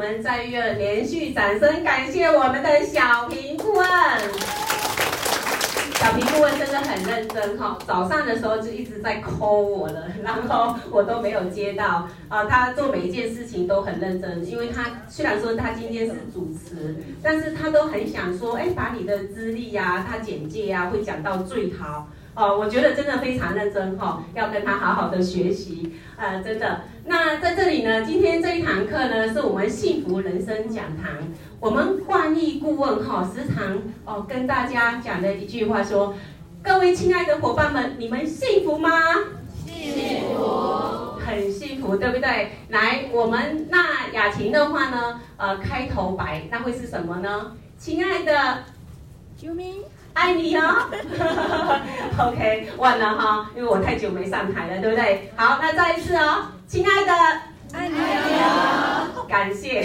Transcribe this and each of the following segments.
我們再用連續掌聲感謝我們的小平顧問。小平顧問真的很認真哈，早上的時候就一直在 call 我了，然後我都沒有接到。啊，他做每一件事情都很認真，因為他雖然說他今天是主持，但是他都很想說，哎，把你的資歷呀、啊、他簡介呀、啊，會講到最好。哦，我覺得真的非常認真哈、哦，要跟他好好的學習，呃，真的。那在這裡呢，今天這一堂課呢，是我們幸福人生講堂，我們冠益顧問哈、哦，時常哦跟大家講的一句話說，各位親愛的夥伴們，你們幸福嗎？幸福。很幸福，對不對？來，我們那雅晴的話呢，呃，開頭白，那會是什麼呢？親愛的，啾咪。愛你哦 ，OK，忘了哈，因為我太久沒上台了，對不對？好，那再一次哦，親愛的，愛你哦、哎，感謝，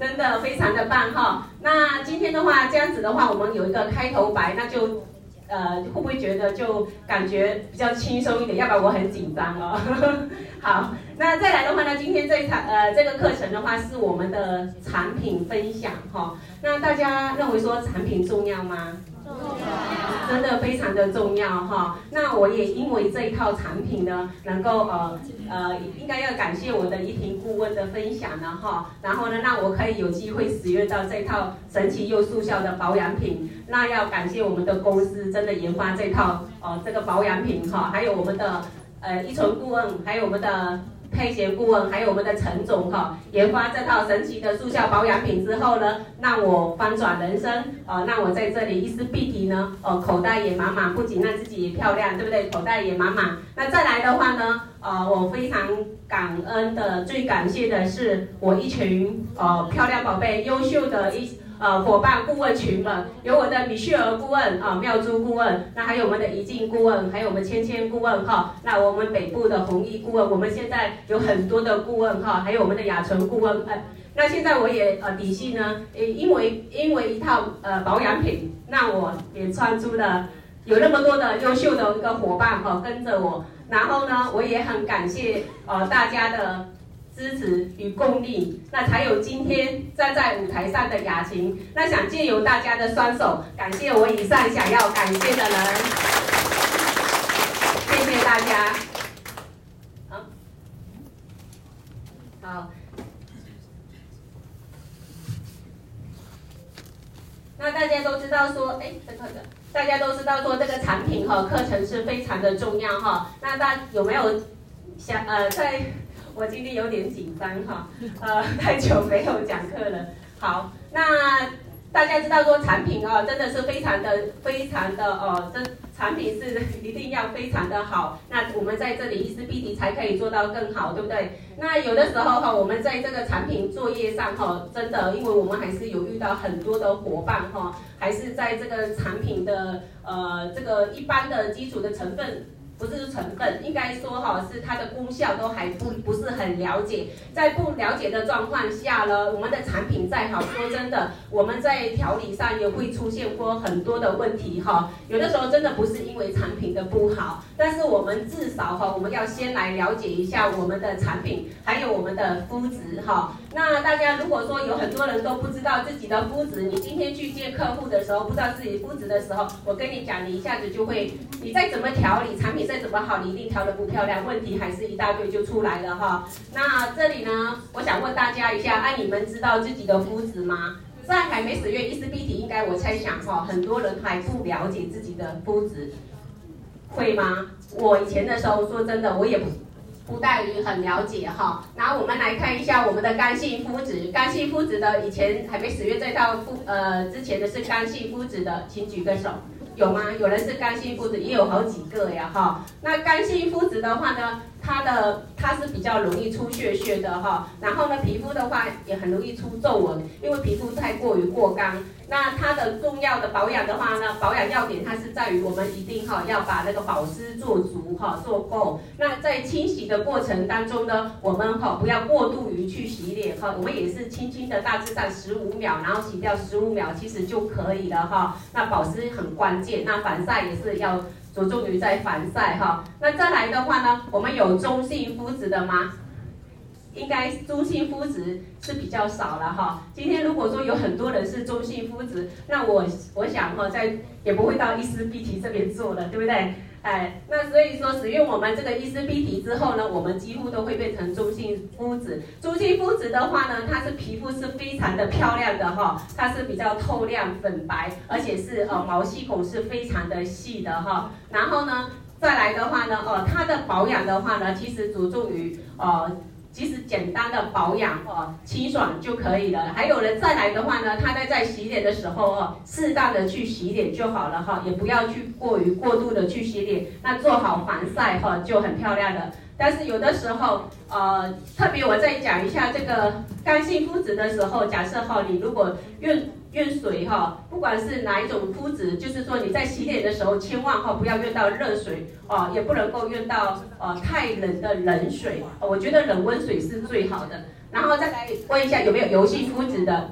真的非常的棒哈、哦。那今天的話，這樣子的話，我們有一個開頭白，那就呃，會不會覺得就感覺比較輕鬆一點？要不然我很緊張哦。 好，那再來的話呢，今天這一場呃，這個課程的話是我們的產品分享哈、哦。那大家認為說產品重要嗎？哦、真的非常的重要哈、哦，那我也因為這一套產品呢，能夠呃呃，應該要感謝我的雅晴顧問的分享了哈、哦，然後呢，讓我可以有機會使用到這套神奇又速效的保養品，那要感謝我們的公司真的研發這套呃這個保養品哈、哦，還有我們的呃依婷顧問，還有我們的。配鞋顧問，還有我們的陳總哈，研發這套神奇的速效保養品之後呢，讓我翻轉人生啊，讓我在這裡伊絲碧媞呢，哦，口袋也滿滿，不僅讓自己也漂亮，對不對？口袋也滿滿。那再來的話呢，呃，我非常感恩的，最感謝的是我一群呃漂亮寶貝，優秀的一。呃，夥伴顧問群們，有我的米雪兒顧問啊、呃，妙珠顧問，那還有我們的怡靜顧問，還有我們芊芊顧問哈、哦，那我們北部的紅衣顧問，我們現在有很多的顧問哈、哦，還有我們的雅純顧問、呃、那現在我也呃，底細呢，因為因為一套呃保養品，那我也穿出了有那麼多的優秀的一個夥伴哈、哦，跟着我，然後呢，我也很感謝呃大家的支持與共力，那才有今天站在舞台上的雅晴。那想借由大家的雙手，感謝我以上想要感謝的人。謝謝大家。好，好。那大家都知道說，哎，等等等，大家都知道說這個產品和課程是非常的重要哈。那大家有沒有想呃在？我今天有點緊張哈，呃，太久沒有講課了。好，那大家知道說產品哦，真的是非常的、非常的哦，這產品是一定要非常的好。那我們在這裡伊絲碧媞才可以做到更好，對不對？那有的時候哈，我們在這個產品作業上哈，真的，因為我們還是有遇到很多的夥伴哈，還是在這個產品的呃這個一般的基礎的成分。不是成分，應該說哈，是它的功效都還不不是很了解，在不了解的狀況下呢，我們的產品再好，說真的，我們在調理上也會出現過很多的問題哈。有的時候真的不是因為產品的不好，但是我們至少哈，我們要先來了解一下我們的產品，還有我們的膚質哈。那大家如果說有很多人都不知道自己的膚質，你今天去見客戶的時候，不知道自己膚質的時候，我跟你講，你一下子就會，你再怎麼調理，產品再怎麼好，你一定調得不漂亮，問題還是一大堆就出來了哈、哦。那這裡呢，我想問大家一下，哎、啊，你們知道自己的膚質嗎？在海美水院伊絲碧媞，應該我猜想哈、哦，很多人還不了解自己的膚質，會嗎？我以前的時候，說真的，我也不。不大於很了解哈，那我們來看一下我們的乾性膚質，乾性膚質的以前還沒使用這套膚，呃，之前的是乾性膚質的，請舉個手，有嗎？有人是乾性膚質，也有好幾個呀哈。那乾性膚質的話呢，它的它是比較容易出屑屑的哈，然後呢，皮膚的話也很容易出皺紋，因為皮膚太過於過乾。那它的重要的保養的話呢，保養要點它是在於我們一定哈要把那個保濕做足哈做夠。那在清洗的過程當中呢，我們哈不要過度於去洗臉哈，我們也是輕輕的大致上十五秒，然後洗掉十五秒其實就可以了哈。那保濕很關鍵，那防曬也是要着重於在防曬哈。那再來的話呢，我們有中性膚質的嗎？應該中性膚質是比較少了哈。今天如果說有很多人是中性膚質，那我我想哈、哦，再也不會到伊絲碧媞這邊做了，對不對？哎，那所以說使用我們這個伊絲碧媞之後呢，我們幾乎都會變成中性膚質。中性膚質的話呢，它是皮膚是非常的漂亮的哈，它是比較透亮粉白，而且是呃毛細孔是非常的細的哈。然後呢，再來的話呢，哦，它的保養的話呢，其實著重於呃其實簡單的保養哦，清爽就可以了。還有人再來的話呢，他在在洗臉的時候哦，適當的去洗臉就好了哈，也不要去過於過度的去洗臉。那做好防曬哈，就很漂亮了。但是有的時候，呃，特別我再講一下這個乾性膚質的時候，假設哈，你如果用用水哈，不管是哪一種膚質，就是說你在洗臉的時候，千萬哈不要用到熱水啊，也不能夠用到呃太冷的冷水。我覺得冷溫水是最好的。然後再來問一下有沒有油性膚質的？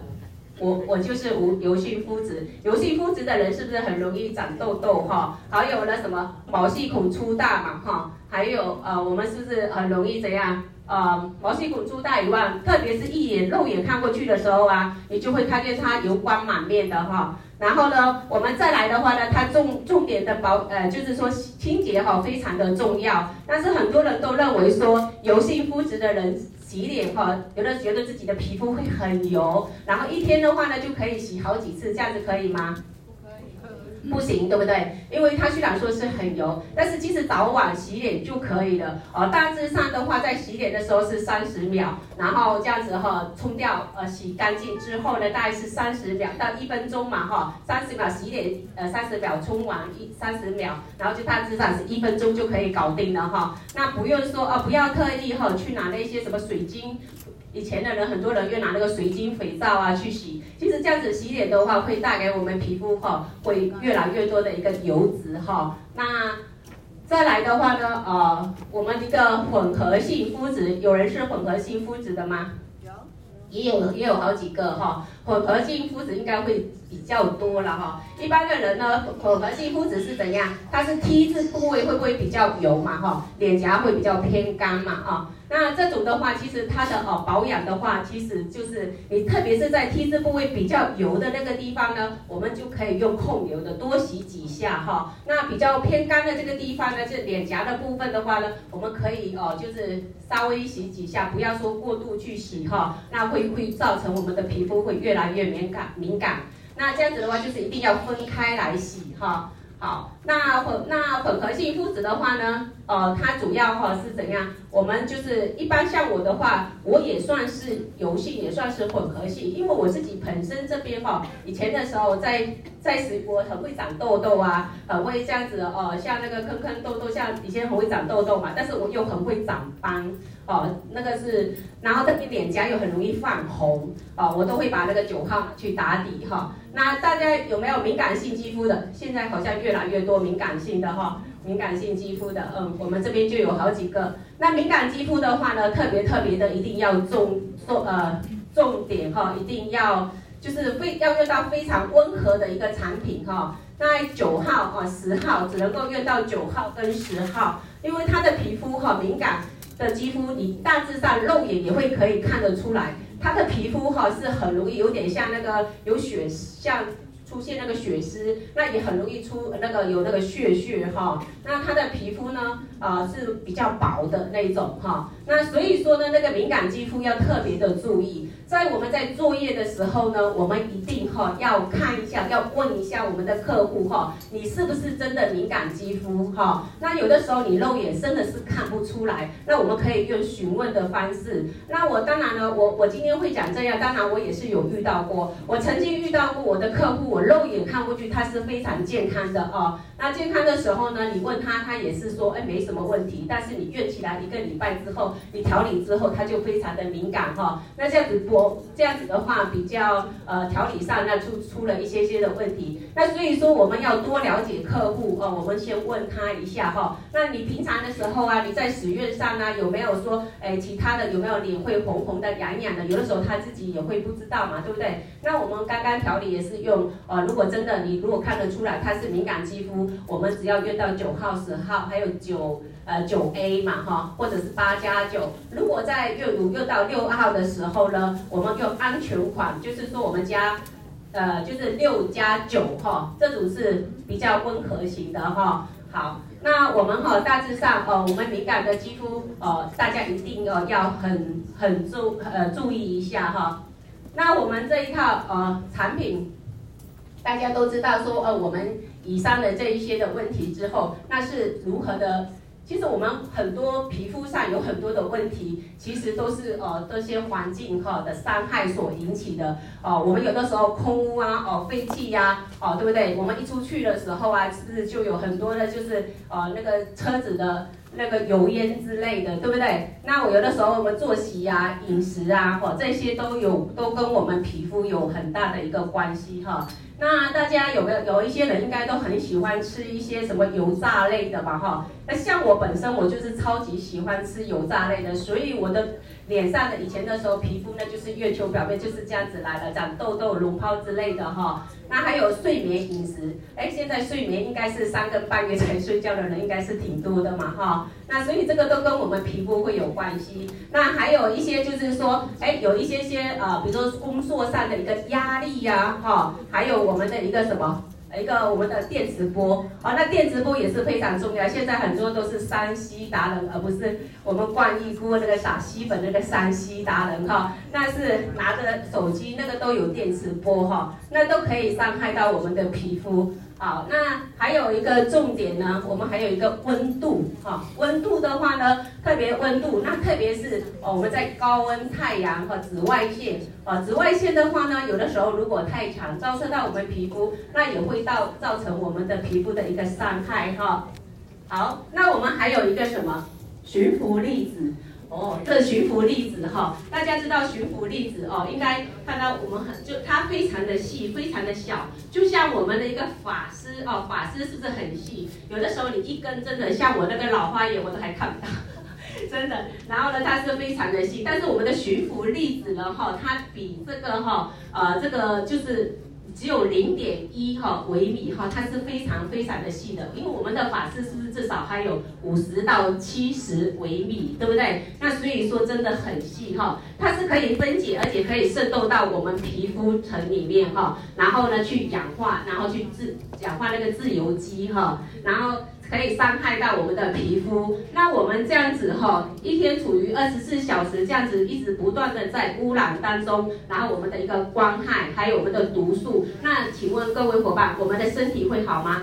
我我就是無油性膚質，油性膚質的人是不是很容易長痘痘哈？還有呢什麼毛細孔粗大嘛哈？還有呃，我們是不是很容易怎樣？呃，毛細孔粗大以外，特別是一眼肉眼看過去的時候啊，你就會看見它油光滿面的哈。然後呢，我們再來的話呢，它重重點的保呃，就是說清潔哈，非常的重要。但是很多人都認為說油性膚質的人洗臉哈，有的覺得自己的皮膚會很油，然後一天的話呢就可以洗好幾次，這樣子可以嗎？嗯、不行，對不對？因為它雖然說是很油，但是其實早晚洗臉就可以了。哦，大致上的話，在洗臉的時候是三十秒，然後這樣子哈，沖掉呃，洗乾淨之後呢，大概是三十秒到一分鐘嘛，哈，三十秒洗臉呃，三十秒沖完一三十秒，然後就大致上是一分鐘就可以搞定了哈、哦。那不用說哦、呃，不要特意哈去拿那些什麼水晶。以前的人，很多人又拿那個水晶肥皂啊，去洗，其實這樣子洗臉的話，會帶給我們皮膚哈，會越來越多的一個油脂哈。那再來的話呢，呃，我們一個混合性膚質，有人是混合性膚質的嗎？有，有也有也有好幾個哈、哦。混合性膚質應該會比較多了哈。一般的人呢，混合性膚質是怎樣？它是 T 字部位會不會比較油嘛哈？臉頰會比較偏乾嘛啊？那這種的話，其實它的哦保養的話，其實就是你特別是在 T 字部位比較油的那個地方呢，我們就可以用控油的多洗幾下哈。那比較偏乾的這個地方呢，就臉頰的部分的話呢，我們可以哦就是稍微洗幾下，不要說過度去洗哈，那會會造成我們的皮膚會越來越敏感敏感。那這樣子的話，就是一定要分開來洗哈。好，那混那混合性膚質的話呢，呃，它主要哈是怎樣？我們就是一般像我的話，我也算是油性，也算是混合性，因為我自己本身這邊哈，以前的時候在在時我很會長痘痘啊，很會這樣子哦、呃，像那個坑坑痘痘，像以前很會長痘痘嘛，但是我又很會長斑。哦，那個是，然後特別臉頰又很容易泛紅，哦，我都會把那個九號去打底哈、哦。那大家有沒有敏感性肌膚的？現在好像越來越多敏感性的哈、哦，敏感性肌膚的，嗯，我們這邊就有好幾個。那敏感肌膚的話呢，特別特別的一定要重重呃重點哈、哦，一定要就是非要用到非常溫和的一個產品哈、哦。那九號啊哦、十號只能夠用到九號跟十號，因為它的皮膚哈、哦、敏感。的肌膚，你大致上肉眼也會可以看得出來，它的皮膚哈，是很容易有點像那個有血像。出現那個血絲，那也很容易出那個有那個血血哈。那他的皮膚呢啊、呃、是比較薄的那種哈。那所以說呢，那個敏感肌膚要特別的注意，在我們在作業的時候呢，我們一定哈要看一下，要問一下我們的客戶哈，你是不是真的敏感肌膚哈？那有的時候你肉眼真的是看不出來，那我們可以用詢問的方式。那我當然呢，我我今天會講這樣，當然我也是有遇到過，我曾經遇到過我的客戶。肉眼看過去，他是非常健康的哦。那健康的時候呢，你問他，他也是說，哎、欸，沒什麼問題。但是你用起來一個禮拜之後，你調理之後，他就非常的敏感哈、哦。那這樣子，我這樣子的話，比較呃調理上呢，那就出了一些些的問題。那所以說，我們要多了解客戶哦。我們先問他一下哈、哦。那你平常的時候啊，你在使用上啊，有沒有說，哎、欸，其他的有沒有臉會紅紅的、癢癢的？有的時候他自己也會不知道嘛，對不對？那我們剛剛調理也是用。啊、哦，如果真的你如果看得出來它是敏感肌膚，我們只要用到九號、十號，還有九呃九 A 嘛哈，或者是八加九。如果在用用到六號的時候呢，我們就安全款，就是說我們家，呃，就是六加九哈，這種是比較溫和型的哈、哦。好，那我們哈、哦、大致上呃，我們敏感的肌膚、呃、大家一定要、呃、要很很注呃注意一下哈、哦。那我們這一套呃產品。大家都知道說，說呃，我們以上的這一些的問題之後，那是如何的？其實我們很多皮膚上有很多的問題，其實都是呃這些環境哈的傷害所引起的。哦、呃，我們有的時候空污啊，哦廢氣呀，哦、啊呃、對不對？我們一出去的時候啊，是不是就有很多的就是、呃、那個車子的那個油煙之類的，對不對？那我有的時候我們作息呀、飲食啊，或、呃、這些都有都跟我們皮膚有很大的一個關係哈。呃那大家有沒有有一些人應該都很喜歡吃一些什麼油炸類的吧？哈，那像我本身我就是超級喜歡吃油炸類的，所以我的。臉上的以前的時候，皮膚呢就是月球表面就是這樣子來的，長痘痘、膿皰之類的哈、哦。那還有睡眠、飲食，哎，現在睡眠應該是三更半夜才睡覺的人應該是挺多的嘛哈、哦。那所以這個都跟我們皮膚會有關係。那還有一些就是說，哎，有一些些呃、啊，比如說工作上的一個壓力呀哈，還有我們的一個什麼。一個我們的電磁波，哦，那電磁波也是非常重要。現在很多都是 3C 達人，而不是我們冠一鍋那個撒西粉那個 3C 達人哈。那是拿着手機，那個都有電磁波哈，那都可以傷害到我們的皮膚。好，那還有一個重點呢，我們還有一個溫度哈、哦，溫度的話呢，特別溫度，那特別是哦，我們在高溫、太陽和紫外線，啊、哦，紫外線的話呢，有的時候如果太強，照射到我們皮膚，那也會到造成我們的皮膚的一個傷害哈、哦。好，那我們還有一個什麼？懸浮粒子。哦，這懸浮粒子哈，大家知道懸浮粒子哦，應該看到我們很就它非常的細，非常的小，就像我們的一個髮絲哦，髮絲是不是很細？有的時候你一根真的像我那個老花眼我都還看不到，真的。然後呢，它是非常的細，但是我們的懸浮粒子呢，哈，它比這個哈，呃，這個就是。只有零點一哈微米哈，它是非常非常的細的，因為我們的髮絲是不是至少還有五十到七十微米，對不對？那所以說真的很細哈，它是可以分解，而且可以滲透到我們皮膚層裡面哈，然後呢去氧化，然後去自氧化那個自由基哈，然後。可以傷害到我們的皮膚，那我們這樣子哈、哦，一天處於二十四小時這樣子一直不斷的在污染當中，然後我們的一個光害，還有我們的毒素，那請問各位夥伴，我們的身體會好嗎？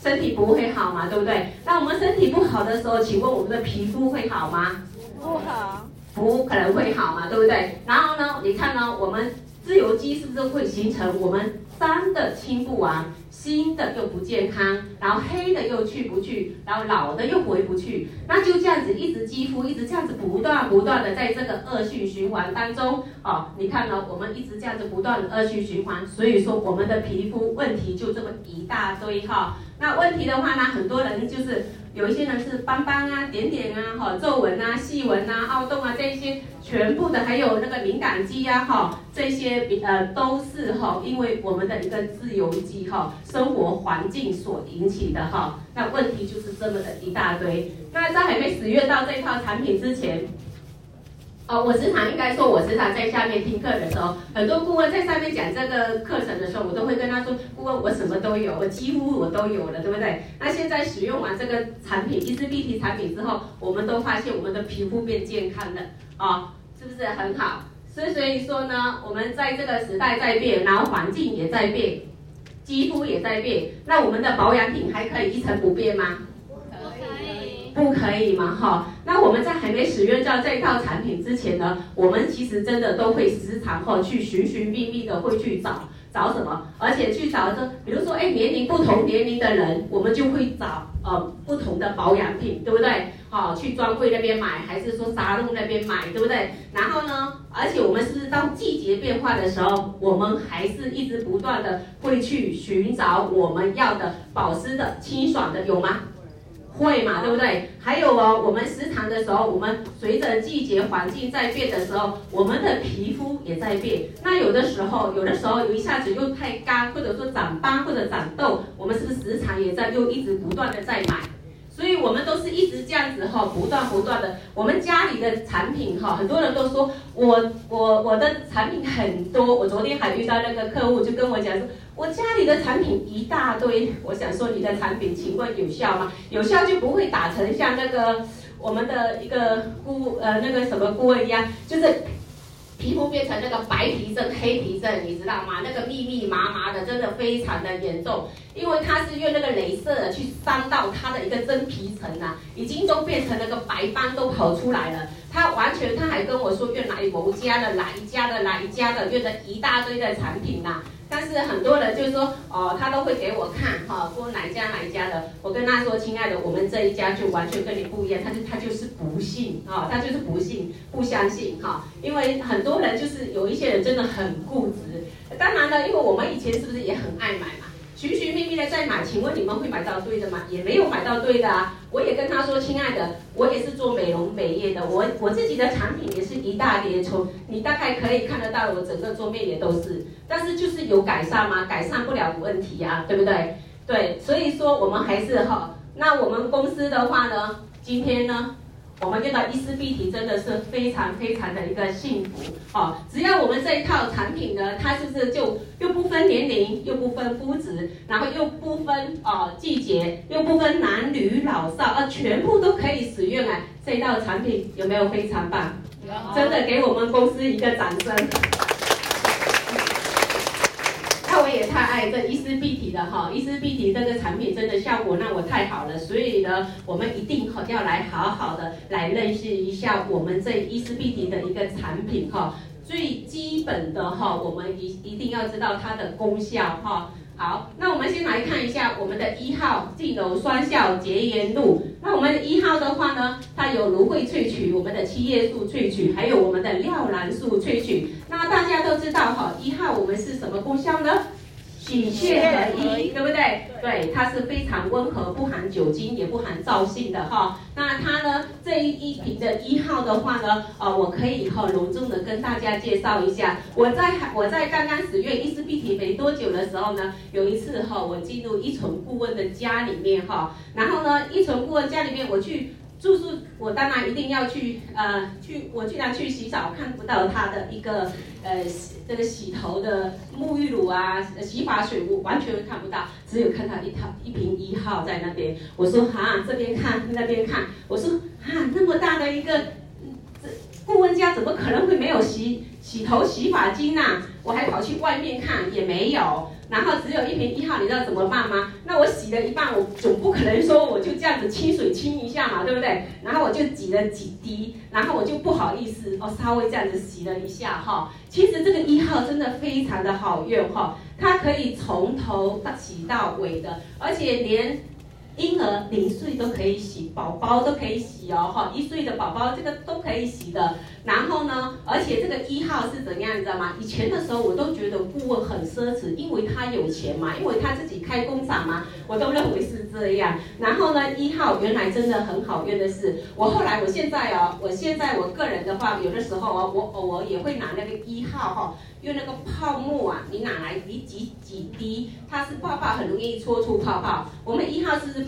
身體不會好嗎？對不對？那我們身體不好的時候，請問我們的皮膚會好嗎？不好。不可能會好嘛，對不對？然後呢，你看呢，我們自由基是不是會形成？我們髒的清不完，新的又不健康，然後黑的又去不去，然後老的又回不去，那就這樣子一直肌膚一直這樣子不斷不斷的在這個惡性循環當中啊、哦！你看呢，我們一直這樣子不斷的惡性循環，所以說我們的皮膚問題就這麼一大堆哈。那問題的話呢，很多人就是有一些人是斑斑啊、點點啊、哈皺紋啊、細紋啊、凹洞啊，這些全部的還有那個敏感肌呀、啊、哈這些，呃都是哈，因為我們的一個自由基哈生活環境所引起的哈。那問題就是這麼的一大堆。那在還沒使用到這套產品之前。哦，我時常應該說，我時常在下面聽課的時候，很多顧問在上面講這個課程的時候，我都會跟他說，顧問我什麼都有，我幾乎我都有了，對不對？那現在使用完這個產品，伊絲碧媞產品之後，我們都發現我們的皮膚變健康了，啊、哦，是不是很好？所以所以說呢，我們在這個時代在變，然後環境也在變，肌膚也在變，那我們的保養品還可以一成不變嗎？不可以嘛哈，那我們在還沒使用到這套產品之前呢，我們其實真的都會時常哈去尋尋覓覓的會去找找什麼，而且去找說，比如說哎年齡不同年齡的人，我們就會找呃不同的保養品，對不對？好、哦、去專櫃那邊買還是說沙龍那邊買，對不對？然後呢，而且我們是當季節變化的時候，我們還是一直不斷的會去尋找我們要的保濕的清爽的，有嗎？會嘛，對不對？還有哦，我們時常的時候，我們隨着季節、環境在變的時候，我們的皮膚也在變。那有的時候，有的時候一下子又太乾，或者說長斑或者長痘，我們是不是時常也在又一直不斷的在買？所以我們都是一直這樣子哈，不斷不斷的。我們家裡的產品哈，很多人都說我我我的產品很多。我昨天還遇到那個客戶就跟我講說。我家裡的產品一大堆，我想說，你的產品請問有效嗎？有效就不會打成像那個我們的一個姑呃那個什麼姑一樣，就是皮膚變成那個白皮症、黑皮症，你知道嗎？那個密密麻麻的，真的非常的嚴重，因為它是用那個雷射去傷到它的一個真皮層啊，已經都變成那個白斑都跑出來了。它完全他還跟我說越來某家的哪一家的哪一家的用來一大堆的產品吶、啊。但是很多人就是說，哦，他都會給我看，哈，說哪一家哪一家的，我跟他說，親愛的，我們這一家就完全跟你不一樣，他就他就是不信，啊，他就是不信、哦，不相信，哈、哦，因為很多人就是有一些人真的很固執。當然了，因為我們以前是不是也很愛買嘛？尋尋覓覓的在買，請問你們會買到對的嗎？也沒有買到對的啊！我也跟他說，親愛的，我也是做美容美業的，我我自己的產品也是一大疊從，你大概可以看得到，我整個桌面也都是，但是就是有改善嗎？改善不了的問題呀、啊，對不對？對，所以說我們還是哈，那我們公司的話呢，今天呢。我們用到伊絲碧媞真的是非常非常的一個幸福哦、啊！只要我們這一套產品呢，它就是就又不分年齡，又不分膚質，然後又不分哦、啊、季節，又不分男女老少啊，全部都可以使用哎、啊，這一套產品有沒有非常棒？真的給我們公司一個掌聲。也太愛這伊絲碧媞的哈，伊絲碧媞這個產品真的效果那我太好了，所以呢，我們一定要來好好的來認識一下我們這伊絲碧媞的一個產品哈、哦。最基本的哈、哦，我們一一定要知道它的功效哈、哦。好，那我們先來看一下我們的一號淨柔雙效潔顏露。那我們一號的話呢，它有蘆薈萃取、我們的七葉素萃取，還有我們的尿囊素萃取。那大家都知道哈，一、哦、號我們是什麼功效呢？洗卸合一，對不對？對，它是非常溫和，不含酒精，也不含皂性的哈。那它呢，這一瓶的一號的話呢，呃，我可以很隆重的跟大家介紹一下。我在我在剛剛使用伊絲碧媞沒多久的時候呢，有一次哈，我進入依純顧問的家裡面哈，然後呢，依純顧問家裡面我去。住宿，我當然一定要去，呃，去我居然去洗澡，看不到他的一個，呃，這個洗頭的沐浴乳啊，洗髮水，我完全看不到，只有看到一套一瓶一號在那邊。我說哈，這邊看那邊看，我說哈，那麼大的一個。顧問家怎麼可能會沒有洗洗頭洗髮精吶、啊？我還跑去外面看也沒有，然後只有一瓶一號，你知道怎麼辦嗎？那我洗了一半，我總不可能說我就這樣子清水清一下嘛，對不對？然後我就擠了幾滴，然後我就不好意思哦，稍微這樣子洗了一下哈。其實這個一號真的非常的好用哈，它可以從頭到洗到尾的，而且連嬰兒零歲都可以洗，寶寶都可以洗。哦，一歲的寶寶這個都可以洗的。然後呢，而且這個一號是怎樣，你知道嗎？以前的時候我都覺得顧問很奢侈，因為他有錢嘛，因為他自己開工廠嘛，我都認為是這樣。然後呢，一號原來真的很好用的是，我後來我現在哦，我現在我個人的話，有的時候哦，我偶爾也會拿那個一號哈、哦，用那個泡沫啊，你拿來你擠幾，幾滴，它是泡泡很容易搓出泡泡。我們一號是。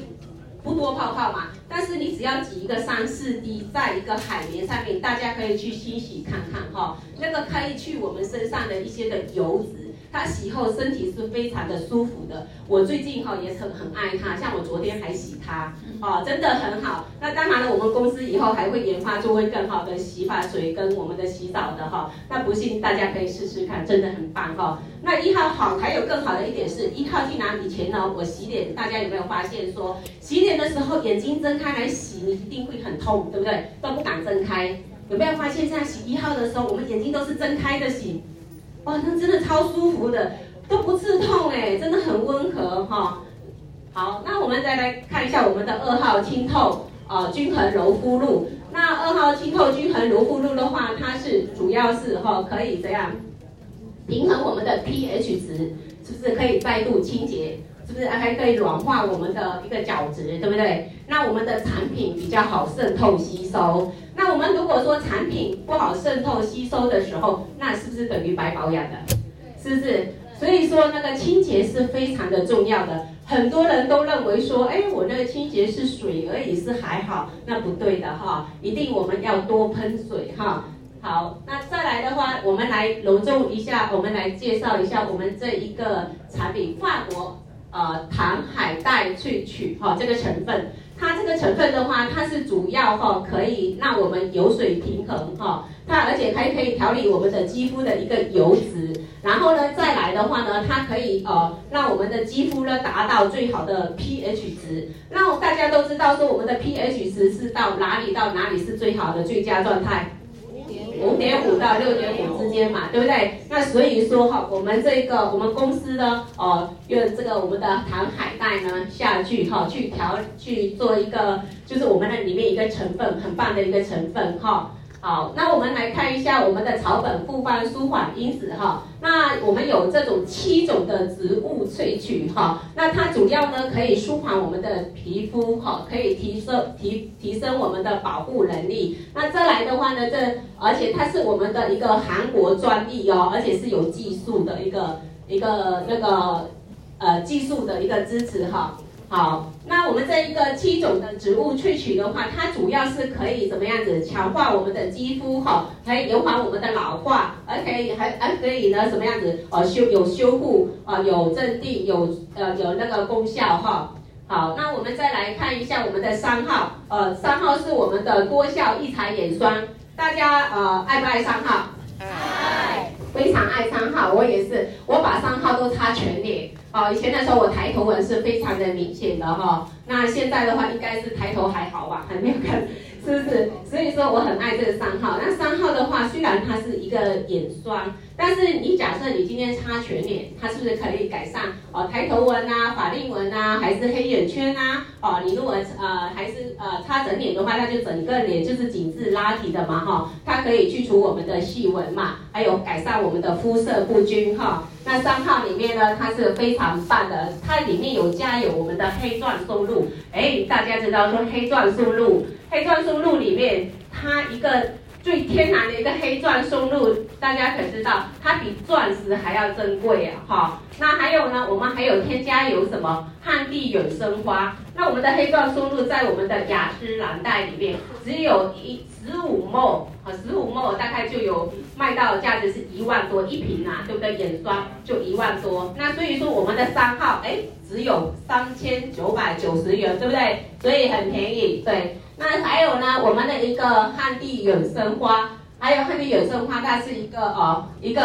不多泡泡嘛，但是你只要擠一個三四滴在一個海綿上面，大家可以去清洗看看哈、哦，那個可以去我們身上的一些的油脂。它洗後身體是非常的舒服的，我最近哈也很很愛它，像我昨天還洗它，哦，真的很好。那當然了，我們公司以後還會研發出會更好的洗髮水跟我們的洗澡的哈。那不信大家可以試試看，真的很棒哈。那一號好，還有更好的一點是一號去拿以前呢，我洗臉，大家有沒有發現說洗臉的時候眼睛睜開來洗，你一定會很痛，對不對？都不敢睜開。有沒有發現像在洗一號的時候，我們眼睛都是睜開的洗？哇，那真的超舒服的，都不刺痛哎，真的很溫和哈、哦。好，那我們再來看一下我們的二號清透哦、呃，均衡柔膚露。那二號清透均衡柔膚露的話，它是主要是哈、哦，可以這樣平衡我們的 pH 值，是不是可以再度清潔？是不是還可以軟化我們的一個角質，對不對？那我們的產品比較好滲透吸收。那我們如果說產品不好滲透吸收的時候，那是不是等於白保養的？是不是？所以說那個清潔是非常的重要的。很多人都認為說，哎，我那個清潔是水而已，是還好，那不對的哈。一定我們要多噴水哈。好，那再來的話，我們來隆重一下，我們來介紹一下我們這一個產品——法國呃糖海帶萃取哈，這個成分。它這個成分的話，它是主要哈，可以讓我們油水平衡哈，它而且還可以調理我們的肌膚的一個油脂，然後呢，再來的話呢，它可以呃讓我們的肌膚呢達到最好的 pH 值。那大家都知道說，我們的 pH 值是到哪裡到哪裡是最好的最佳狀態？五點五到六點五之間嘛，對不對？那所以說哈，我們這個我們公司呢，哦、呃，用這個我們的糖海帶呢下去哈，去調去做一個，就是我們的裡面一個成分很棒的一個成分哈。好，那我們來看一下我們的草本復方舒緩因子哈。那我們有這種七種的植物萃取哈。那它主要呢可以舒緩我們的皮膚哈，可以提升提提升我們的保護能力。那再來的話呢，這而且它是我們的一個韓國專利哦，而且是有技術的一個一個那個呃技術的一個支持哈。好，那我們這一個七種的植物萃取的話，它主要是可以怎麼樣子強化我們的肌膚哈，可以延緩我們的老化，而且還可以還，還可以呢什麼樣子，呃，修有修護，呃，有鎮定有呃有那個功效哈，哦。好，那我們再來看一下我們的三號，呃，三號是我們的多效一彩眼霜，大家呃愛不愛三號？啊非常愛三號，我也是，我把三號都擦全臉。哦，以前的時候我抬頭紋是非常的明顯的哈、哦，那現在的話應該是抬頭還好吧，還沒有看，是不是？所以說我很愛這個三號。那三號的話，雖然它是。的眼霜，但是你假設你今天擦全臉，它是不是可以改善哦抬頭紋啊、法令紋啊，還是黑眼圈啊？哦，你如果呃還是呃擦整臉的話，那就整個臉就是緊緻拉提的嘛哈、哦，它可以去除我們的細紋嘛，還有改善我們的膚色不均哈、哦。那三號裡面呢，它是非常棒的，它裡面有加有我們的黑鑽松露。哎，大家知道說黑鑽松露，黑鑽松露裡面它一個。最天然的一個黑鑽松露，大家可知道它比鑽石還要珍貴呀、啊！哈、哦，那還有呢，我們還有添加有什麼漢地永生花。那我們的黑鑽松露在我們的雅詩蘭黛裡面，只有一十五 ml 啊，十五 ml 大概就有賣到的價值是一萬多一瓶啊，對不對？眼霜就一萬多。那所以說我們的三號，哎，只有三千九百九十元，對不對？所以很便宜，對。那還有呢？我們的一個旱地永生花，還有旱地永生花，它是一個哦，一個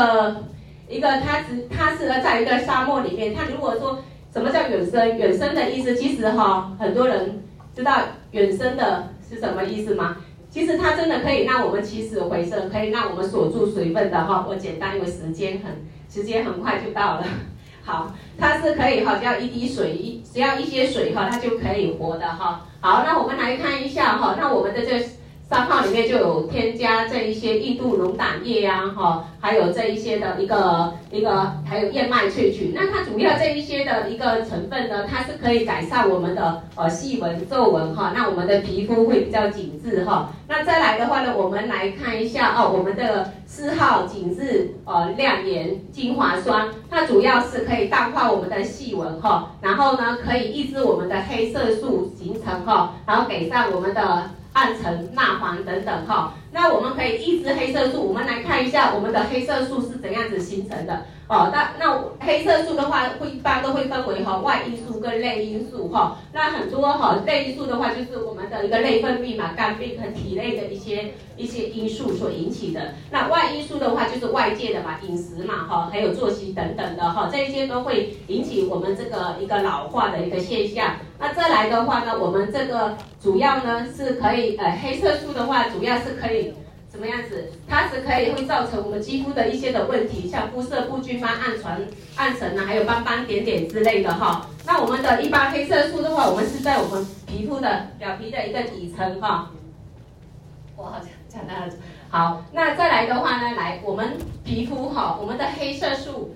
一個，它只它是在一個沙漠裡面。它如果說什麼叫永生，永生的意思，其實哈、哦，很多人知道永生的是什麼意思嗎？其實它真的可以讓我們起死回生，可以讓我們鎖住水分的哈、哦。我簡單，因為時間很時間很快就到了。好，它是可以哈，只要一滴水，一只要一些水哈，它就可以活的哈。好，那我們來看一下哈，那我們的這個。三號裡面就有添加這一些印度龍膽液呀，哈，還有這一些的一個一個，還有燕麥萃取。那它主要這一些的一個成分呢，它是可以改善我們的呃細紋皺紋哈，那我們的皮膚會比較緊緻哈。那再來的話呢，我們來看一下哦，我們的四號緊緻呃亮顏精華霜，它主要是可以淡化我們的細紋哈，然後呢可以抑制我們的黑色素形成哈，然後改善我們的。暗沉、蠟黃等等哈，那我們可以抑制黑色素。我們來看一下我們的黑色素是怎樣子形成的。哦，那那黑色素的話會，會一般都會分為哈、哦、外因素跟內因素哈、哦。那很多哈內因素的話，就是我們的一個內分泌嘛、肝病和體內的一些一些因素所引起的。那外因素的話，就是外界的嘛、飲食嘛哈、哦，還有作息等等的哈、哦，這些都會引起我們這個一個老化的一個現象。那再來的話呢，我們這個主要呢是可以呃，黑色素的話主要是可以。什麼樣子？它是可以會造成我們肌膚的一些的問題，像膚色不均、暗沉、暗沉吶、啊，還有斑斑點點之類的哈、哦。那我們的一般黑色素的話，我們是在我們皮膚的表皮的一個底層哈、哦。哇，講講的，好。那再來的話呢，來我們皮膚哈、哦，我們的黑色素，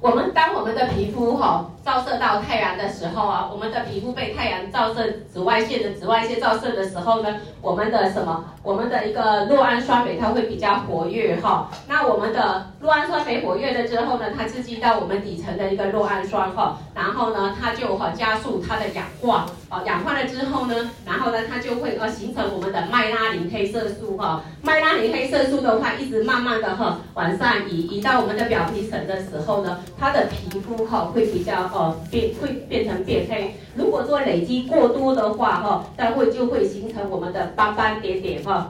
我們當我們的皮膚哈、哦。照射到太陽的時候啊，我們的皮膚被太陽照射紫外線的紫外線照射的時候呢，我們的什麼？我們的一個酪氨酸酶，它會比較活躍哈。那我們的酪氨酸酶，酶活躍了之後呢，它刺激到我們底層的一個酪氨酸哈，然後呢，它就哈加速它的氧化啊，氧化了之後呢，然後呢，它就會呃形成我們的麥拉寧黑色素哈。麥拉寧黑色素的話，一直慢慢的哈往上移，移到我們的表皮層的時候呢，它的皮膚哈會比較。哦，變會變成變黑。如果說累積過多的話，哈、哦，它會就會形成我們的斑斑點點，哈、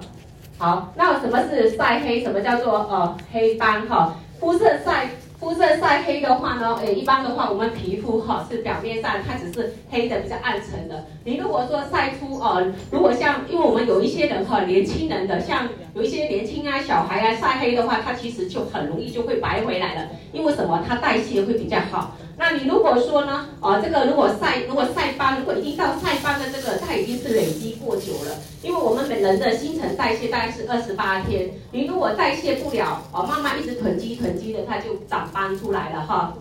哦。好，那什麼是曬黑？什麼叫做呃、哦、黑斑？哈、哦，膚色曬膚色曬黑的話呢，誒、欸，一般的話我們皮膚哈、哦，是表面上它只是黑的比較暗沉的。你如果說曬出哦，如果像因為我們有一些人哈、哦，年輕人的，像有一些年輕啊小孩啊曬黑的話，它其實就很容易就會白回來了。因為什麼？它代謝會比較好。那你如果說呢？啊、哦，這個如果曬，如果曬斑，如果已經到曬斑的這個，它已經是累積過久了。因為我們每人的新陳代謝大概是二十八天，你如果代謝不了，哦，慢慢一直囤積囤積的，它就長斑出來了哈。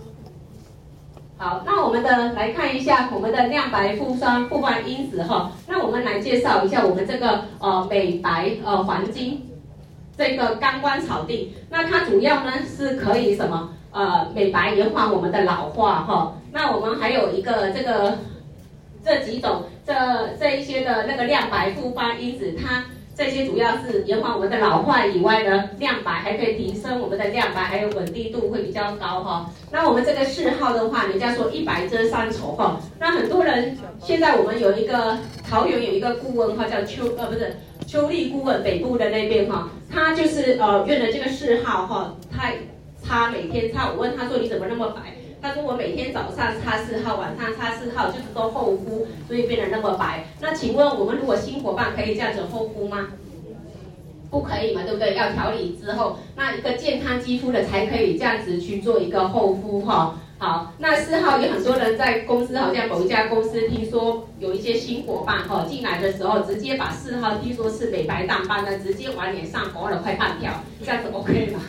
好，那我們的來看一下我們的亮白敷霜複方因子哈。那我們來介紹一下我們這個呃美白呃黃金，這個光甘草定。那它主要呢是可以什麼？呃，美白延緩我們的老化哈、哦。那我們還有一個這個，這幾種這這一些的那個亮白複方因子，它這些主要是延緩我們的老化以外呢，亮白，還可以提升我們的亮白，還有穩定度會比較高哈、哦。那我們這個四號的話，人家說一白遮三醜哈、哦。那很多人現在我們有一個桃園有一個顧問哈，叫邱呃不是邱麗顧問北部的那邊哈、哦，他就是呃用了這個四號哈、哦，他。他每天擦，我問他說：“你怎麼那麼白？”他說：“我每天早上擦四號，晚上擦四號，就是都厚敷，所以變得那麼白。”那請問我們如果新夥伴可以這樣子厚敷嗎？不可以嘛，對不對？要調理之後，那一個健康肌膚的才可以這樣子去做一個厚敷哈。哦。好，那四號有很多人在公司，好像某一家公司聽說有一些新伙伴哈進來的時候，直接把四號聽說是美白淡斑的，直接往臉上抹了快半條這樣子 OK 嗎？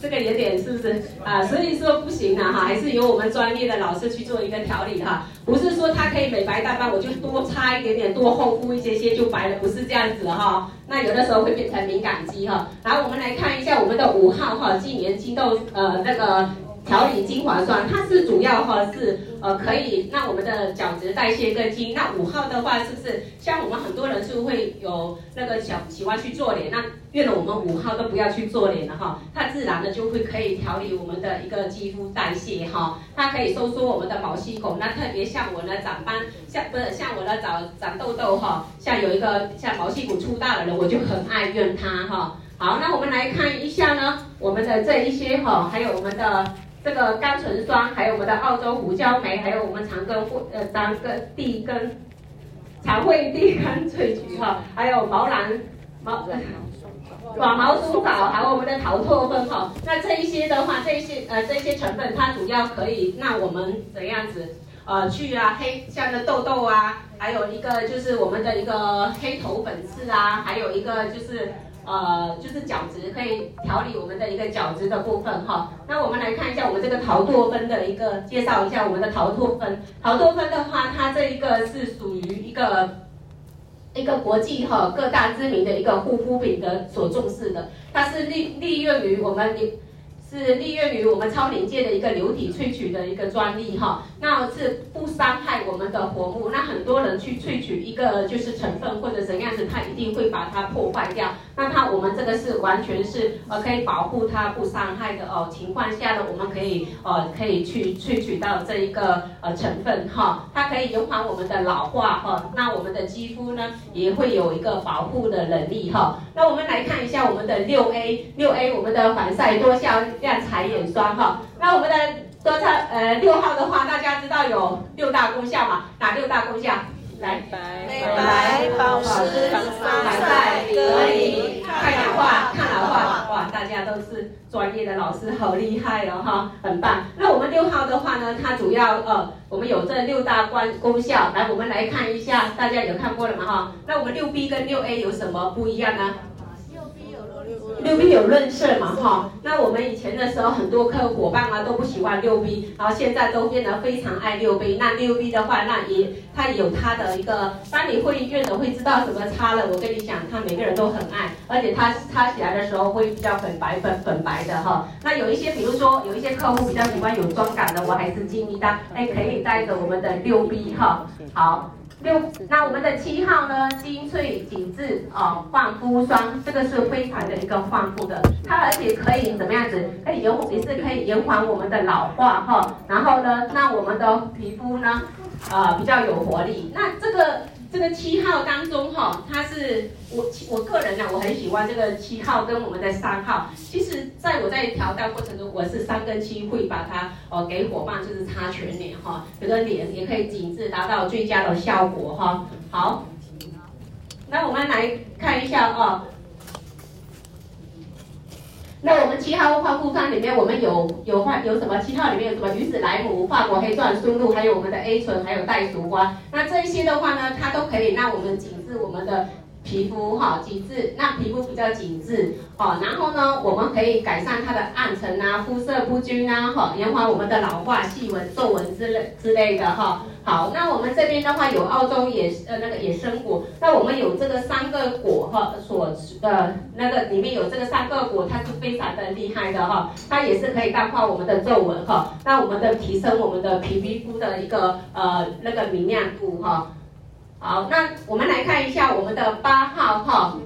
這個有點是不是啊、呃？所以說不行的、啊、哈，還是由我們專業的老師去做一個調理哈、啊，不是說它可以美白淡斑，我就多擦一點點，多厚敷一些些就白了，不是這樣子哈、啊。那有的時候會變成敏感肌哈、啊。來，我們來看一下我們的五號哈，今年新到呃那個。調理精華霜，它是主要哈是呃可以讓我們的角質代謝更新。那五號的話是不是像我們很多人是會有那個小，喜歡去做臉？那用了我們五號都不要去做臉了哈，它自然的就會可以調理我們的一個肌膚代謝哈，它可以收縮我們的毛細孔。那特別像我呢長斑，像不是像我呢長長痘痘哈，像有一個像毛細孔粗大的人，我就很愛用它哈。好，那我們來看一下呢，我們的這一些哈，還有我們的。這個甘醇酸，還有我們的澳洲胡椒梅，還有我們長根或呃長根地根，藏會地根萃取哈，還有毛蘭毛，寡、啊、毛松藻，還有我們的桃透粉哈。那這一些的話，這一些呃這一些成分，它主要可以讓我們怎樣子呃去啊黑像個痘痘啊，還有一個就是我們的一個黑頭粉刺啊，還有一個就是。呃，就是角質可以調理我們的一個角質的部分哈。那我們來看一下我們這個桃托芬的一個，介紹一下我們的桃托芬。桃托芬的話，它這一個是屬於一個一個國際哈各大知名的一個護膚品的所重視的，它是利利用於我們是利用於我們超臨界的一個流體萃取的一個專利哈。那是不傷害我們的活物。那很多人去萃取一個就是成分或者怎樣子，他一定會把它破壞掉。那它我們這個是完全是呃可以保護它不傷害的哦、呃。情況下呢，我們可以呃可以去萃取到這一個呃成分哈，它、哦、可以延緩我們的老化哈、哦。那我們的肌膚呢也會有一個保護的能力哈、哦。那我們來看一下我們的六 A 六 A 我們的防曬多效亮彩眼霜哈、哦。那我們的。說它呃六號的話，大家知道有六大功效嘛？哪六大功效？來，美白保濕、防曬、隔離、抗氧化、抗老化。哇，大家都是專業的老師，好厲害哦哈，很棒。那我們六號的話呢，它主要呃，我們有這六大關功效。來，我們來看一下，大家有看過了嗎？哈，那我們六 B 跟六 A 有什麼不一樣呢？六 B 有潤色嘛？哈，那我們以前的時候很多客戶夥伴啊都不喜歡六 B，然後現在都變得非常愛六 B。那六 B 的話，那也它也有它的一個，當你會越來越知道怎麼擦了。我跟你講，他每個人都很愛，而且他擦起來的時候會比較粉白粉粉白的哈。那有一些，比如說有一些客戶比較喜歡有妝感的，我還是建議他哎可以帶着我們的六 B 哈。好。那我們的七號呢？精粹緊緻啊，哦、煥膚霜，這個是非常的一個煥膚的，它而且可以怎麼樣子？可以延緩，也是可以延緩我們的老化哈、哦。然後呢，那我們的皮膚呢，呃，比較有活力。那這個。這個七號當中哈、哦，它是我我個人呢、啊，我很喜歡這個七號跟我們的三號。其實在我在調淡過程中，我是三跟七會把它哦給伙伴，就是擦全、哦、臉哈，有的臉也可以緊緻，達到最佳的效果哈、哦。好，那我們來看一下哦那我們七號花庫倉裡面，我們有有花有什麼？七號裡面有什麼？魚子萊姆、法國黑鑽、松露，還有我們的 A 醇，還有袋鼠花。那這些的話呢，它都可以讓我們緊緻我們的。皮膚哈緊緻，那皮膚比較緊緻哦。然後呢，我們可以改善它的暗沉啊，膚色不均啊，哈，延緩我們的老化、細紋、皺紋之類之類的哈。好，那我們這邊的話有澳洲野呃那個野生果，那我們有這個三個果哈，所呃那個裡面有這個三個果，它是非常的厲害的哈。它也是可以淡化我們的皺紋哈。那我們的提升我們的皮皮膚的一個呃那個明亮度哈。呃好，那我們來看一下我們的八號哈，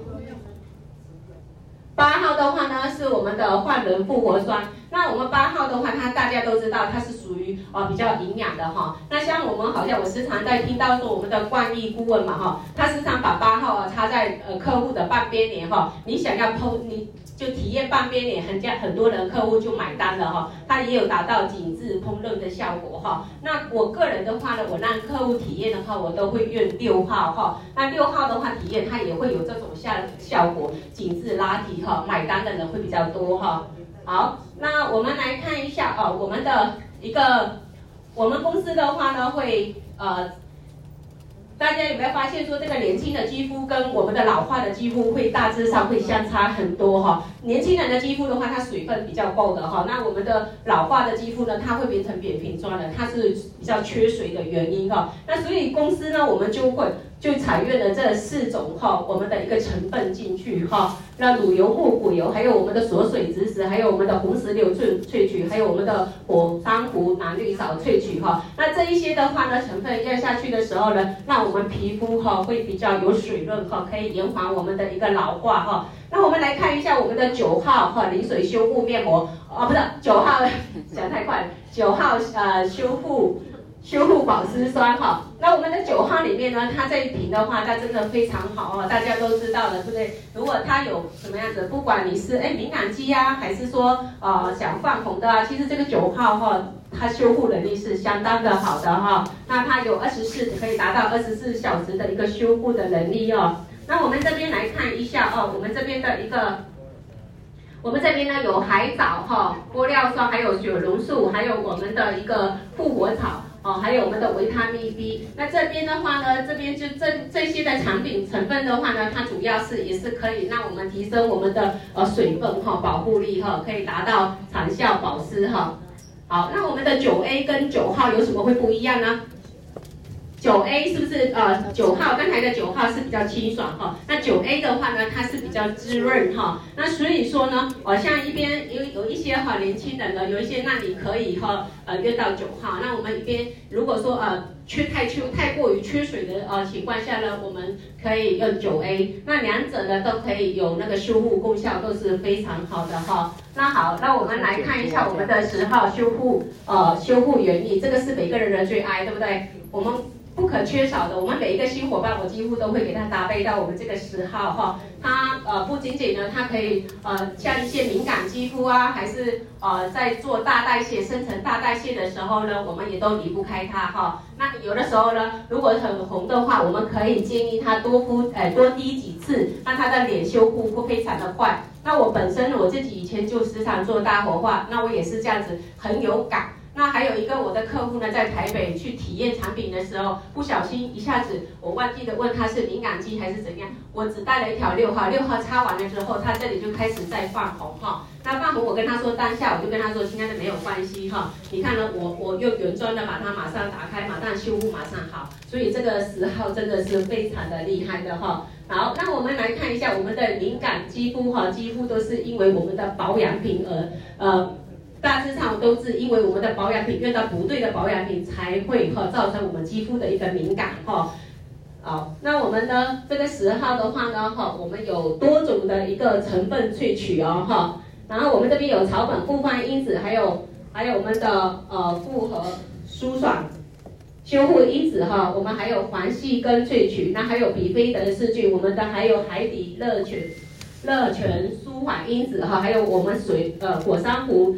八號的話呢是我們的煥輪復活霜。那我們八號的話，它大家都知道，它是屬於啊、哦、比較營養的哈、哦。那像我們好像我時常在聽到說我們的冠益顧問嘛哈、哦，他時常把八號啊插在呃客戶的半邊臉哈、哦，你想要剖你。就體驗半邊臉，很家很多人客戶就買單了哈，它也有達到緊致澎潤的效果哈。那我個人的話呢，我讓客戶體驗的話，我都會用六號哈。那六號的話體驗，它也會有這種效效果，緊致拉提哈，買單的人會比較多哈。好，那我們來看一下哦，我們的一個，我們公司的話呢會呃。大家有沒有發現說，這個年輕的肌膚跟我們的老化的肌膚會大致上會相差很多哈？年輕人的肌膚的話，它水分比較夠的哈，那我們的老化的肌膚呢，它會變成扁平狀的，它是比較缺水的原因哈。那所以公司呢，我們就會。就採用了這四種哈，我們的一個成分進去哈。那乳油木果油，還有我們的鎖水植石，還有我們的紅石榴萃萃取，還有我們的火珊瑚藍綠藻萃取哈。那這一些的話呢，成分用下去的時候呢，那我們皮膚哈會比較有水潤哈，可以延緩我們的一個老化哈。那我們來看一下我們的九號哈，臨水修復面膜，哦，不是，九號講太快了，九號呃修復。修護保濕霜哈，那我們的九號裡面呢，它這一瓶的話，它真的非常好哦，大家都知道的，對不對？如果它有什麼樣子，不管你是哎敏感肌呀，還是說呃想泛紅的、啊，其實這個九號哈、哦，它修復能力是相當的好的哈、哦。那它有二十四，可以達到二十四小時的一個修復的能力哦。那我們這邊來看一下哦，我們這邊的一個，我們這邊呢有海藻哈、哦、玻尿酸、還有酒龍素，還有我們的一個復活草。哦，還有我們的維他命 B，那這邊的話呢，這邊就這這些的產品成分的話呢，它主要是也是可以讓我們提升我們的呃水分哈，保護力哈，可以達到長效保濕哈。好，那我們的九 A 跟九號有什麼會不一樣呢？九 A 是不是？呃，九號剛才的九號是比較清爽哈、哦，那九 A 的話呢，它是比較滋潤哈、哦。那所以說呢，呃、哦，像一邊有有一些哈、哦、年輕人的，有一些那你可以哈、哦，呃，用到九號。那我們一邊如果說呃缺太缺，太過於缺水的呃情況下呢，我們可以用九 A。那兩者呢都可以有那個修護功效，都是非常好的哈、哦。那好，那我們來看一下我們的十號修護呃修護原液，這個是每個人的最愛，對不對？我們。不可缺少的，我們每一個新夥伴，我幾乎都會給他搭配到我們這個十號哈。它呃不僅僅呢，它可以呃像一些敏感肌膚啊，還是呃在做大代謝、深層大代謝的時候呢，我們也都離不開它哈。那有的時候呢，如果很紅的話，我們可以建議他多敷呃多滴幾次，讓他的臉修護會非常的快。那我本身我自己以前就時常做大活化，那我也是這樣子很有感。那還有一個我的客戶呢，在台北去體驗產品的時候，不小心一下子我忘記了問他是敏感肌還是怎樣，我只帶了一條六號，六號擦完了之後，他這裡就開始在泛紅哈、哦。那泛紅我跟他說，當下我就跟他說，親愛的沒有關係哈、哦。你看呢，我我用原裝的，把它馬上打開，馬上修復，馬上好。所以這個十號真的是非常的厲害的哈。好、哦，那我們來看一下我們的敏感肌膚哈，幾乎都是因為我們的保養品而呃。大致上都是因為我們的保養品，用到不對的保養品，才會哈造成我們肌膚的一個敏感哈。好、哦，那我們呢？這個十號的話呢，哈、哦，我們有多種的一個成分萃取哦，哈、哦。然後我們這邊有草本複方因子，還有還有我們的呃複合舒爽修護因子哈、哦。我們還有黃芩根萃取，那還有比菲德氏菌，我們的還有海底熱泉熱泉舒緩因子哈、哦，還有我們水呃火山湖。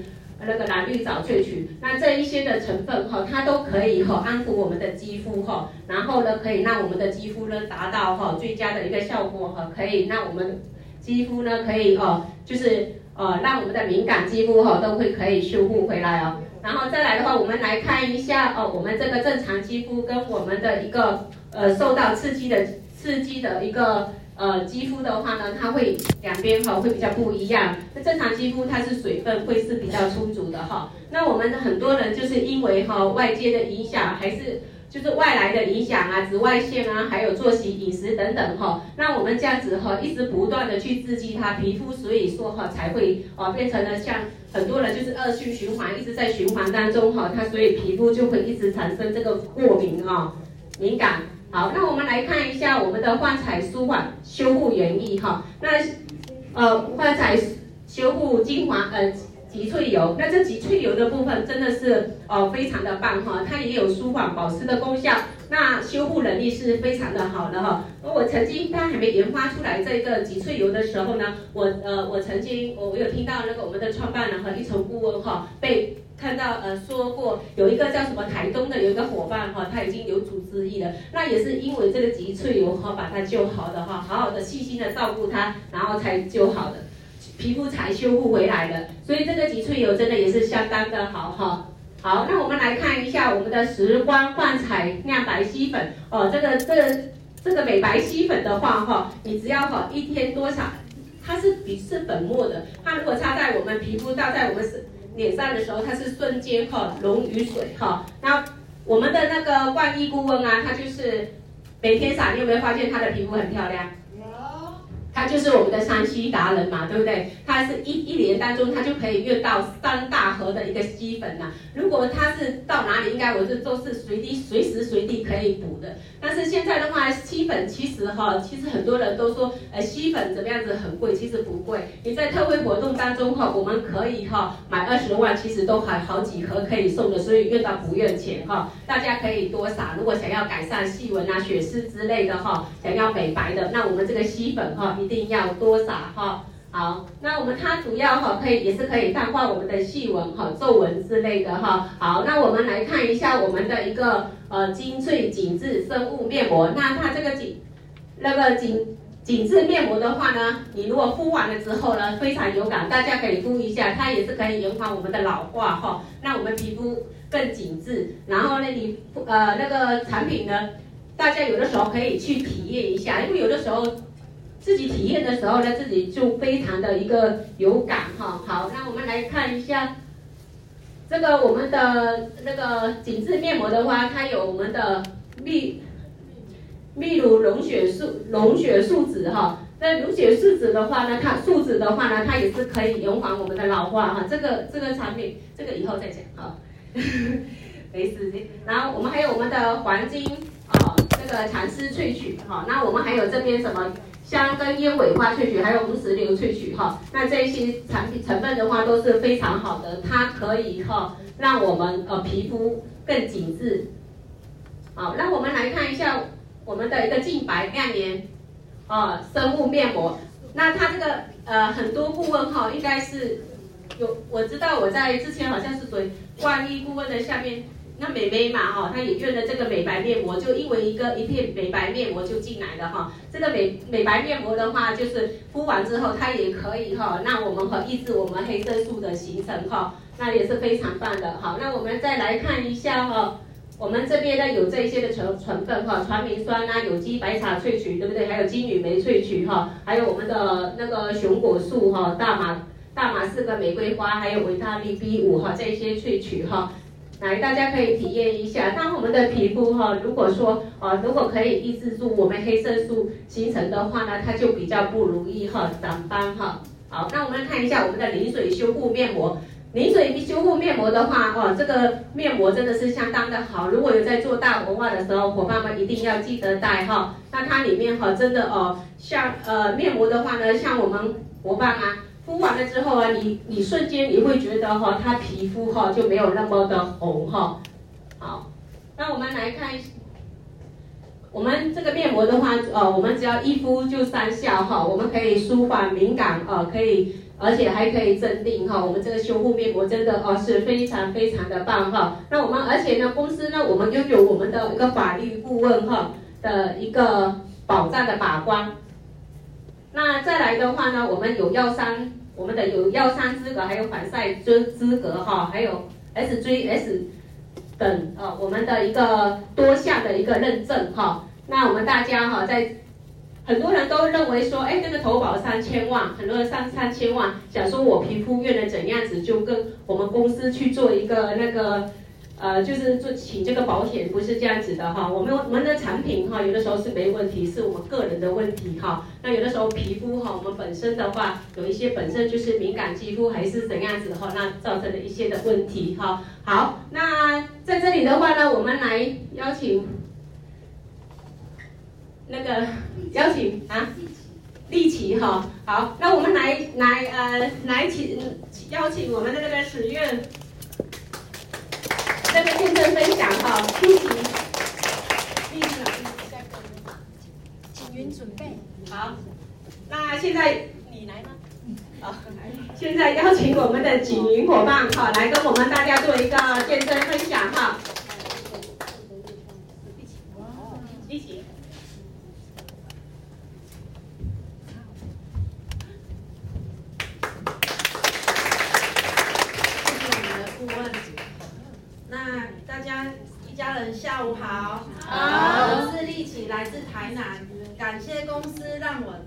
那個藍綠藻萃取，那這一些的成分哈，它都可以哈安撫我們的肌膚哈，然後呢，可以讓我們的肌膚呢達到哈最佳的一個效果哈，可以讓我們肌膚呢可以哦，就是呃讓我們的敏感肌膚哈都會可以修復回來哦。然後再來的話，我們來看一下哦，我們這個正常肌膚跟我們的一個呃受到刺激的刺激的一個。呃，肌膚的話呢，它會兩邊哈會比較不一樣。那正常肌膚它是水分會是比較充足的哈。那我們很多人就是因為哈外界的影響，還是就是外來的影響啊，紫外線啊，還有作息、飲食等等哈。那我們這樣子哈一直不斷的去刺激它皮膚，所以說哈才會啊變成了像很多人就是惡性循環，一直在循環當中哈，它所以皮膚就會一直產生這個過敏啊敏感。好，那我們來看一下我們的煥彩舒緩修護原液哈。那呃，煥彩修護精華呃極萃油，那這極萃油的部分真的是呃非常的棒哈，它也有舒緩保濕的功效，那修護能力是非常的好的哈。那、哦、我曾經，它還沒研發出來這個極萃油的時候呢，我呃我曾經我有聽到那個我們的創辦人和一層顧問哈、哦、被。看到呃，說過有一個叫什麼台東的有一個夥伴哈，他、哦、已經有組織意了，那也是因為這個極萃油哈、哦、把它救好的哈，好好的細心的照顧它，然後才救好的，皮膚才修復回來的。所以這個極萃油真的也是相當的好哈、哦。好，那我們來看一下我們的時光煥彩亮白吸粉哦，這個這個、這個美白吸粉的話哈、哦，你只要哈一天多少，它是比是粉末的，它如果擦在我們皮膚倒在我們身。臉上的時候，它是瞬間哈溶於水哈。那我們的那個萬一顧問啊，他就是每天撒，你有沒有發現他的皮膚很漂亮？他就是我們的山西達人嘛，對不對？他是一一年當中他就可以月到三大盒的一個吸粉吶、啊。如果他是到哪裡應該我是都是隨地隨時隨地可以補的。但是現在的話吸粉其實哈，其實很多人都說呃吸粉怎麼樣子很貴，其實不貴。你在特惠活動當中哈，我們可以哈買二十萬其實都還好幾盒可以送的，所以月到不用錢哈。大家可以多撒。如果想要改善細紋啊、血絲之類的哈，想要美白的，那我們這個吸粉哈。一定要多少哈？好，那我們它主要哈可以也是可以淡化我們的細紋哈、皺紋之類的哈。好，那我們來看一下我們的一個呃精粹緊緻生物面膜。那它這個緊那個緊緊緻面膜的話呢，你如果敷完了之後呢，非常有感，大家可以敷一下，它也是可以延緩我們的老化哈，讓我們皮膚更緊緻。然後呢，你呃那個產品呢，大家有的時候可以去體驗一下，因為有的時候。自己體驗的時候呢，自己就非常的一個有感哈。好，那我們來看一下，這個我們的那個緊緻面膜的話，它有我們的秘秘魯龍血素龍血樹脂哈。那龍血樹脂的話呢，它樹脂的話呢，它也是可以延緩我們的老化哈。這個這個產品，這個以後再講哈、哦，沒時間。然後我們還有我們的黃金啊、哦，這個蠶絲萃取哈、哦。那我們還有這邊什麼？香根鳶尾花萃取，還有紅石榴萃取哈，那這些產品成分的話都是非常好的，它可以哈讓我們呃皮膚更緊緻。好，那我們來看一下我們的一個淨白亮顏啊生物面膜，那它這個呃很多顧問哈應該是有，我知道我在之前好像是屬於冠醫顧問的下面。那美美嘛哈，它也用了這個美白面膜，就因為一個一片美白面膜就進來了哈。這個美美白面膜的話，就是敷完之後它也可以哈，那我們可抑制我們黑色素的形成哈，那也是非常棒的。哈，那我們再來看一下哈，我們這邊呢有這些的成成分哈，傳明酸啊，有機白茶萃取對不對？還有金縷梅萃取哈，還有我們的那個熊果素哈，大馬大馬士革玫瑰花，還有維他命 B 五哈，這些萃取哈。來，大家可以體驗一下。當我們的皮膚哈，如果說如果可以抑制住我們黑色素形成的話呢，它就比較不容易哈長斑哈。好，那我們來看一下我們的凝水修護面膜。凝水修護面膜的話，哦，這個面膜真的是相當的好。如果有在做大活化的時候，伙伴們一定要記得帶哈。那它裡面哈，真的哦，像呃面膜的話呢，像我們伙伴啊敷完了之後啊，你你瞬間你會覺得哈，他皮膚哈就沒有那麼的紅哈。好，那我們來看一下，我們這個面膜的話，呃，我們只要一敷就三效哈，我們可以舒緩敏感啊，呃，可以，而且還可以鎮定哈。我們這個修復面膜真的哦是非常非常的棒哈。那我們而且呢，公司呢，我們擁有我們的一個法律顧問哈的一個保障的把關。那再來的話呢，我們有藥商，我們的有藥商資格，還有防曬資資格哈，還有 SGS 等，呃，我們的一個多項的一個認證哈。那我們大家哈，在很多人都認為說，哎、欸，這、那個投保三千萬，很多人上三千萬，想說我皮膚用了怎樣子，就跟我們公司去做一個那個。呃，就是做請這個保險不是這樣子的哈，我們我們的產品哈，有的時候是沒問題，是我們個人的問題哈。那有的時候皮膚哈，我們本身的話，有一些本身就是敏感肌膚還是怎樣子哈，那造成了一些的問題哈。好，那在這裡的話呢，我們來邀請那個邀請啊，麗奇哈。好，那我們來來呃來請邀請我們的那個史院。這個見證分享哈，請您準備好？那現在你來嗎？好，現在邀請我們的錦雲夥伴哈，來跟我們大家做一個見證分享哈。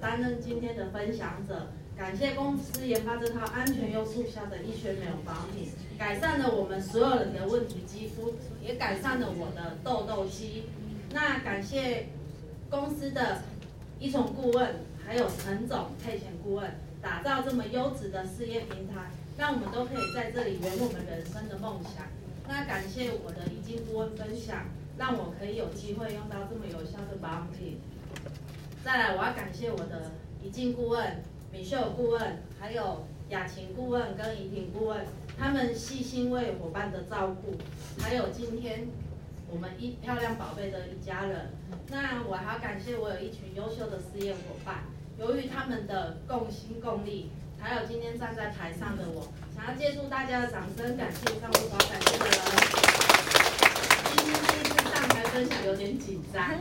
擔任今天的分享者。感謝公司研發這套安全又有效的醫學美容保養品，改善了我們所有人的問題肌膚，也改善了我的痘痘肌。那感謝公司的醫從顧問，還有陳總配檢顧問，打造這麼優質的事業平台，讓我們都可以在這裡圓我們人生的夢想。那感謝我的一顧問分享，讓我可以有機會用到這麼有效的保養品。再來，我要感謝我的怡靜顧問、米秀顧問，還有雅晴顧問跟怡婷顧問，他們細心為伙伴的照顧，還有今天我們一漂亮寶貝的一家人。那我還要感謝我有一群優秀的事業伙伴，由於他們的共心共力，還有今天站在台上的我，想要借助大家的掌聲，感謝上述所感謝的人。分享有點緊張。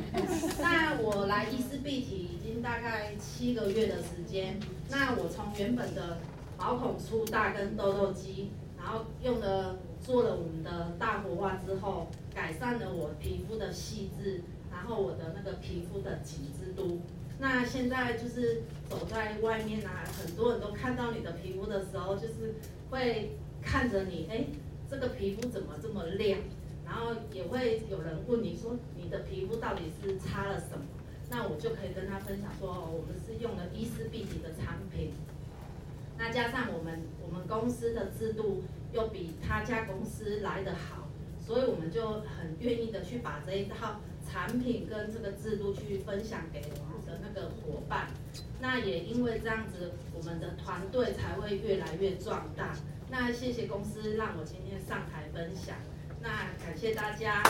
那我來伊絲碧媞已經大概七個月的時間。那我從原本的毛孔粗大跟痘痘肌，然後用了做了我們的大活化之後，改善了我皮膚的細緻，然後我的那個皮膚的緊緻度。那現在就是走在外面啊，很多人都看到你的皮膚的時候，就是會看着你，哎、欸，這個皮膚怎麼這麼亮？然後也會有人問你說你的皮膚到底是擦了什麼？那我就可以跟他分享說，哦，我們是用了伊絲碧媞的產品，那加上我們我們公司的制度又比他家公司來得好，所以我們就很願意的去把這一套產品跟這個制度去分享給我們的那個夥伴。那也因為這樣子，我們的團隊才會越來越壯大。那謝謝公司讓我今天上台分享。那感謝大家。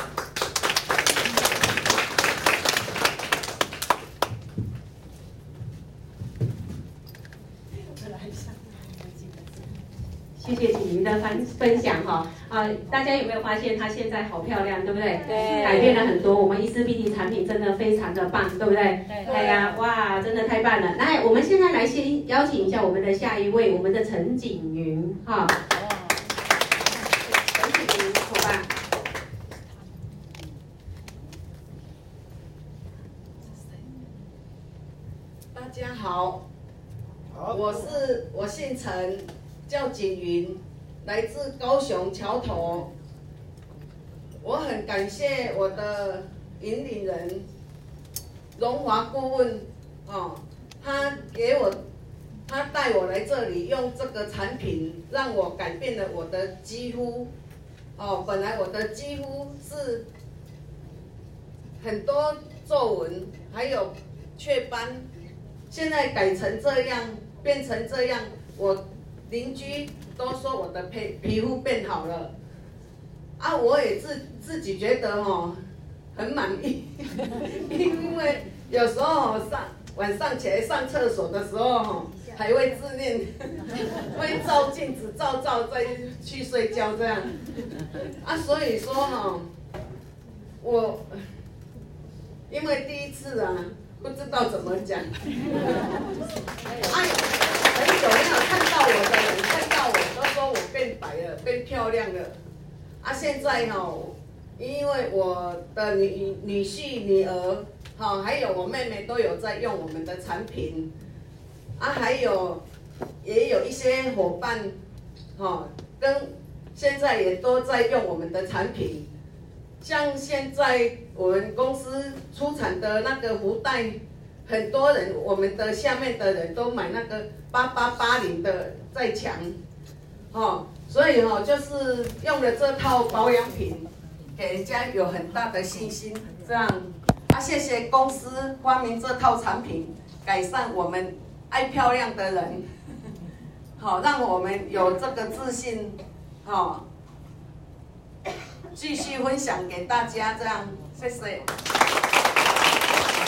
謝謝景云的分分享哈啊！大家有沒有發現她現在好漂亮，對不對？對，改變了很多。我們伊絲碧媞產品真的非常的棒，對不對？對，對。哎呀，哇，真的太棒了！來，我們現在來先邀請一下我們的下一位，我們的陳景云哈。姓陳，叫錦雲，來自高雄橋頭。我很感謝我的引領人，榮華顧問，哦，他給我，他帶我來這裡，用這個產品讓我改變了我的肌膚，哦，本來我的肌膚是很多皺紋，還有雀斑，現在改成這樣，變成這樣。我鄰居都說我的皮皮膚變好了，啊，我也自自己覺得哦、喔，很滿意，因為有時候、喔、上晚上起來上廁所的時候、喔，還會自戀，會照鏡子照照再去睡覺這樣，啊，所以說哦、喔，我因為第一次啊。不知道怎麼講， 啊，很久沒有看到我的人看到我都說我變白了，變漂亮了，啊，現在哈、哦，因為我的女女婿、女兒，哈，還有我妹妹都有在用我們的產品，啊，還有也有一些夥伴，哈，跟現在也都在用我們的產品。像現在我們公司出產的那個福袋，很多人我們的下面的人都買那個八八八零的在搶哦，所以哦，就是用了這套保養品，給人家有很大的信心，這樣啊，謝謝公司發明這套產品，改善我們愛漂亮的人，好、哦，讓我們有這個自信，好、哦。繼續分享給大家，這樣，謝謝。